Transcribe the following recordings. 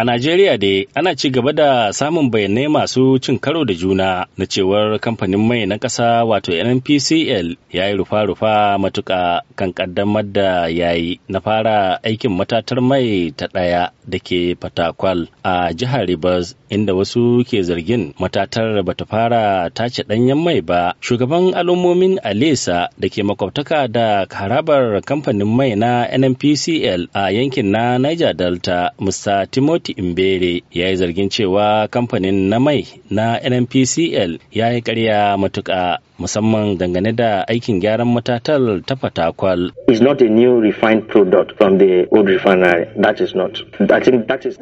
A Najeriya dai ana ci gaba da samun bayanai masu cin karo da juna na cewar kamfanin mai na ƙasa wato NNPCL ya yi rufa-rufa matuƙa kan ƙaddamar da ya yi na fara aikin matatar mai ta ɗaya da ke Fatakwal a jihar Rivers inda wasu ke zargin matatar ba ta fara tace ɗanyen mai ba. Shugaban al'ummomin Alesa da ke makwabtaka da harabar kamfanin mai na NNPCL a yankin na Niger Delta, Mr. Timothy Timothy Imbere ya yi zargin cewa kamfanin na mai na NNPCL ya yi karya matuka musamman dangane da aikin gyaran matatar ta fatakwal.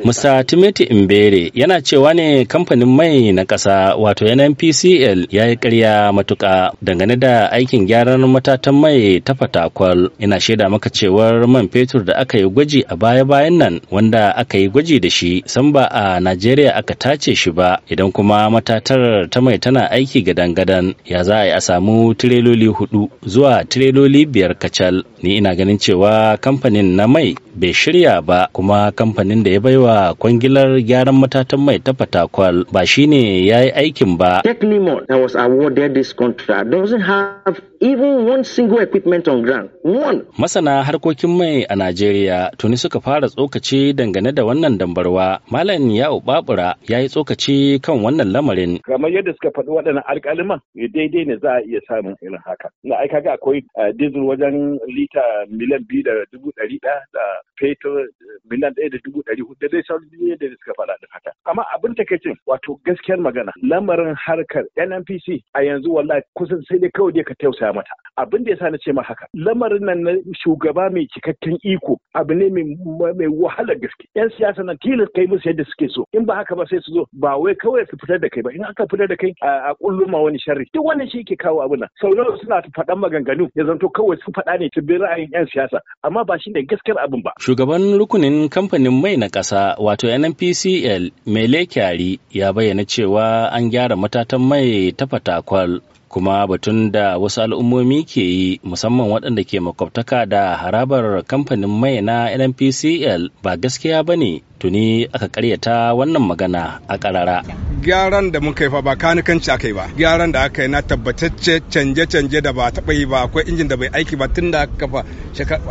Musa Timothy Imbere yana cewa ne kamfanin mai na ƙasa wato NNPCL ya yi karya matuƙa dangane da aikin gyaran matatan mai ta fatakwal. Ina shaida maka cewar man fetur da aka yi gwaji a baya-bayan nan wanda aka yi gwaji da shi shi san ba a Najeriya aka tace shi ba idan kuma matatar ta mai tana aiki gadan-gadan ya za a yi a samu tireloli hudu zuwa tireloli biyar kacal ni ina ganin cewa kamfanin na mai bai shirya ba kuma kamfanin da ya baiwa kwangilar gyaran matatan mai ta fatakwal ba shine ya yi aikin ba. Technimon that was awarded this contract doesn't have even one single equipment on ground. One. Masana harkokin mai a Najeriya tuni suka fara tsokaci dangane da wannan dambarwa. Malam Ya'u Babura ya yi tsokaci kan wannan lamarin. Kamar yadda suka faɗi waɗannan alƙaliman eh, daidai ne za a iya samun irin haka. Na ai ga akwai eh, diesel wajen lita miliyan biyu da dubu ɗari ɗaya da fetur eh, miliyan ɗaya da dubu ɗari hudu da dai sauran da suka faɗa da fata. amma abin takaicin wato gaskiyar magana lamarin harkar NNPC a yanzu wallahi kusan sai dai kawai dai ka tausaya mata abin da yasa na ce ma haka lamarin nan na shugaba mai cikakken iko abu ne mai wahala gaske yan siyasa na tilas kai musu yadda suke so in ba haka ba sai su zo ba wai kawai su fitar da kai ba in aka fitar da kai a kulluma wani sharri duk wannan shi ke kawo abin nan sau nawa suna faɗan maganganu ya zanto kawai su faɗa ne su bi ra'ayin yan siyasa amma ba shi ne gaskiyar abin ba shugaban rukunin kamfanin mai na ƙasa wato NNPCL mai kyari ya bayyana cewa an gyara matatan mai ta fatakwal kuma batun da wasu al'ummomi ke yi musamman waɗanda ke makwabtaka da harabar kamfanin mai na NNPCL ba gaskiya ba ne tuni aka karyata wannan magana a karara. Gyaran da muka yi fa ba kanikanci aka yi ba. Gyaran da aka yi na tabbatacce canje-canje da ba taɓa yi ba akwai injin da bai aiki ba tun da aka fa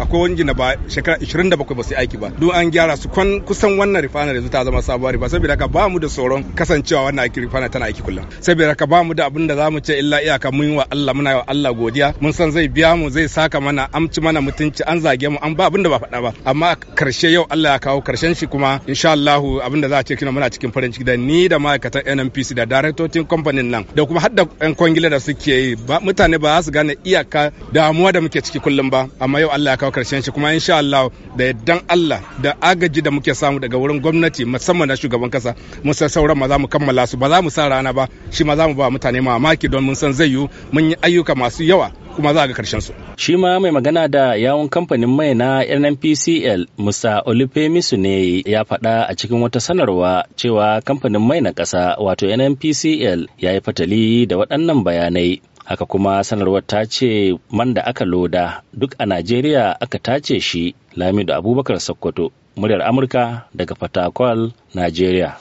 akwai injin da ba shekara bakwai ba su aiki ba. Duk an gyara su kusan wannan rifana yanzu ta zama sabuwar rifa saboda haka ba mu da tsoron kasancewa wannan aiki rifana tana aiki kullum. Saboda haka ba mu da abin da za mu ce illa iyaka mun wa Allah muna wa Allah godiya mun san zai biya mu zai saka mana amci mana mutunci an zage mu an ba abinda ba faɗa ba amma karshe yau Allah ya kawo karshen shi kuma insha Allah abinda da za a ce kina muna cikin farin ciki da ni da ma'aikatan NNPC da daraktocin kamfanin nan da kuma hadda yan kwangila da suke yi mutane ba za su gane iyaka damuwa da muke ciki kullum ba amma yau Allah ya kawo karshen shi kuma insha Allah da yaddan Allah da agaji da muke samu daga wurin gwamnati musamman na shugaban kasa mun san sauran ma za mu kammala su ba za mu sa rana ba shi ma za mu ba mutane mamaki don mun san zai yiwu mun yi ayyuka masu yawa kuma za a ga karshen su. Shi ma mai magana da yawon kamfanin mai na NNPCL Musa Olufemisu ne ya faɗa a cikin wata sanarwa cewa kamfanin mai na ƙasa wato NNPCL ya yi fatali da waɗannan bayanai. Haka kuma sanarwar ta ce man da aka loda duk a Najeriya aka tace shi Lamido Abubakar Sokoto, muryar Amurka daga Fatakwal, Najeriya.